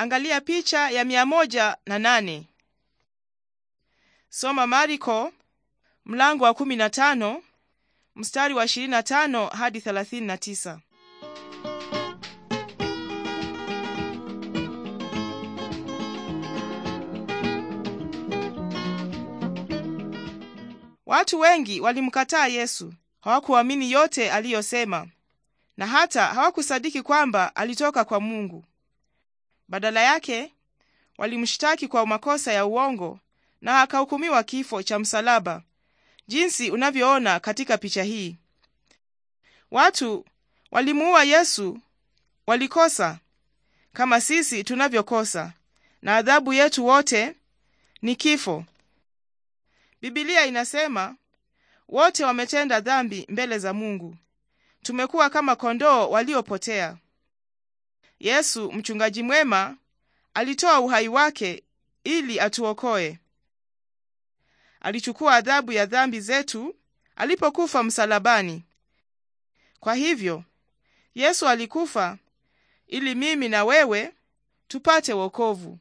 Angalia picha ya mia moja na nane. Soma Mariko mlango wa 15 mstari wa 25 hadi 39. Watu wengi walimkataa Yesu. Hawakuamini yote aliyosema na hata hawakusadiki kwamba alitoka kwa Mungu. Badala yake walimshtaki kwa makosa ya uongo na akahukumiwa kifo cha msalaba, jinsi unavyoona katika picha hii. Watu walimuua Yesu walikosa kama sisi tunavyokosa, na adhabu yetu wote ni kifo. Biblia inasema wote wametenda dhambi mbele za Mungu, tumekuwa kama kondoo waliopotea. Yesu mchungaji mwema alitoa uhai wake ili atuokoe. Alichukua adhabu ya dhambi zetu alipokufa msalabani. Kwa hivyo Yesu alikufa ili mimi na wewe tupate wokovu.